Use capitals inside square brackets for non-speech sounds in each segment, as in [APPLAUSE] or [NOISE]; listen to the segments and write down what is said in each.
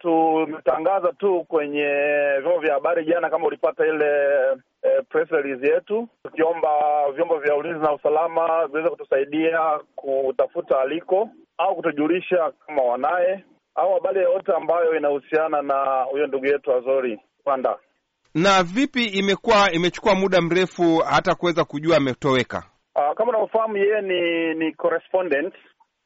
tumetangaza tu kwenye vyombo vya habari jana, kama ulipata ile e, press release yetu, tukiomba vyombo vya ulinzi na usalama viweze kutusaidia kutafuta aliko au kutujulisha kama wanaye au habari yoyote ambayo inahusiana na huyo ndugu yetu Azori Panda. Na vipi, imekuwa imechukua muda mrefu hata kuweza kujua ametoweka? Ah, kama unavyofahamu yeye ni ni correspondent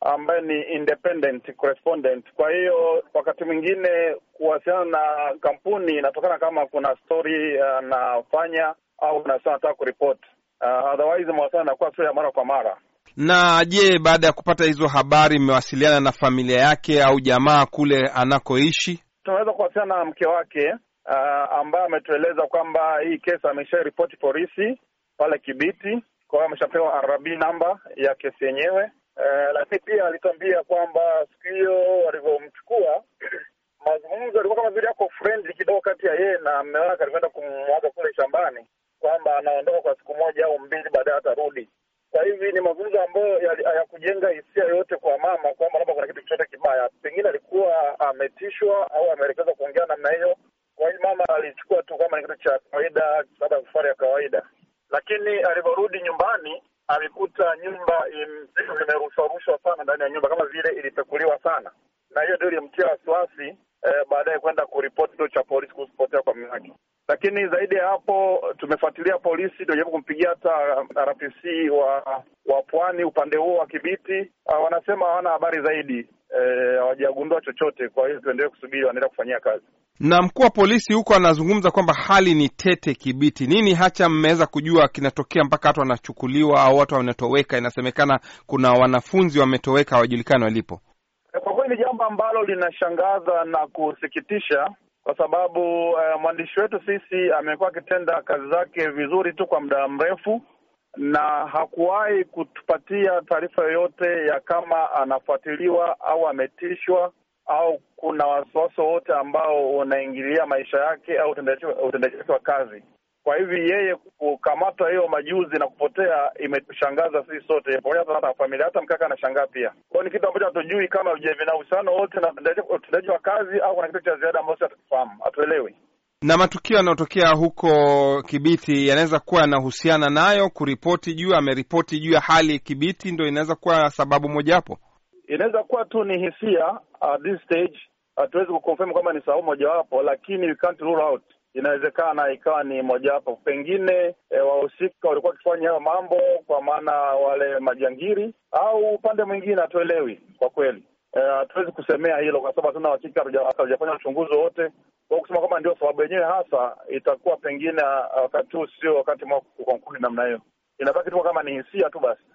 ambaye ni independent correspondent. Kwa hiyo wakati mwingine kuwasiliana na kampuni inatokana kama kuna story eh, anafanya au au anataka kuripot. uh, otherwise mawasiliano inakuwa sio ya mara kwa mara. Na je, baada ya kupata hizo habari mmewasiliana na familia yake au jamaa kule anakoishi? Tunaweza kuwasiliana na mke wake uh, ambaye ametueleza kwamba hii kesi ripoti polisi pale Kibiti, kwa hiyo ameshapewa RB namba ya kesi yenyewe Eh, lakini pia alituambia kwamba siku hiyo walivyomchukua [CLEARS THROAT] mazungumzo alikuwa kama vile yako friendly kidogo, kati ya yeye na mme wake. alivyoenda kumwaga kule shambani kwamba anaondoka kwa siku moja au mbili, baadaye atarudi. Kwa hivi ni mazungumzo ambayo hayakujenga hisia yote kwa mama kwamba labda kuna kitu chochote kibaya, pengine alikuwa ametishwa au ameelekezwa kuongea namna hiyo. Kwa hiyo mama alichukua tu kama ni kitu cha kawaida, labda safari ya kawaida, lakini alivyorudi nyumbani alikuta nyumba vitu vimerushwarushwa sana ndani ya nyumba kama vile ilipekuliwa sana, na hiyo ndio ilimtia wasiwasi eh, baadaye kwenda kuripoti kituo cha polisi kuhusu kupotea kwa mume wake. Lakini zaidi ya hapo tumefuatilia polisi, tunajaribu kumpigia hata RPC wa wa pwani upande huo wa Kibiti. Uh, wanasema hawana habari zaidi, eh, hawajagundua eh, chochote. Kwa hiyo tuendelee kusubiri, wanaenda kufanyia kazi. Na mkuu wa polisi huko anazungumza kwamba hali ni tete Kibiti. Nini hacha mmeweza kujua kinatokea mpaka watu wanachukuliwa au watu wanatoweka? Inasemekana kuna wanafunzi wametoweka, hawajulikani walipo. Eh, kwa kweli ni jambo ambalo linashangaza na kusikitisha kwa sababu uh, mwandishi wetu sisi amekuwa akitenda kazi zake vizuri tu kwa muda mrefu na hakuwahi kutupatia taarifa yoyote ya kama anafuatiliwa au ametishwa au kuna wasiwasi wowote ambao unaingilia maisha yake au utendaji wake wa kazi. Kwa hivi yeye kukamatwa hiyo majuzi na kupotea imetushangaza sisi sote, pamoja hata familia, hata mkaka anashangaa pia. Kwao ni kitu ambacho hatujui kama je, vina uhusiano wote na utendaji wa kazi au kuna kitu cha ziada ambacho hatukifahamu, hatuelewi na matukio yanayotokea huko Kibiti yanaweza kuwa yanahusiana nayo. Kuripoti juu ameripoti juu ya hali Kibiti, ndo inaweza kuwa sababu mojawapo. Inaweza kuwa tu ni hisia at uh, this stage, hatuwezi kuconfirm kama ni sababu mojawapo, lakini we can't rule out inawezekana ikawa ni mojawapo. Pengine e, wahusika walikuwa wakifanya hayo mambo kwa maana wale majangiri, au upande mwingine hatuelewi kwa kweli. Eh, hatuwezi e, kusemea hilo kwa sababu hatuna uhakika, hatujafanya uchunguzi wowote. Kwa kusema kwamba ndio sababu yenyewe hasa, itakuwa pengine ah, wakati huu sio wakati mwa kukonkuri namna hiyo, inabaki tu kama ni hisia tu basi.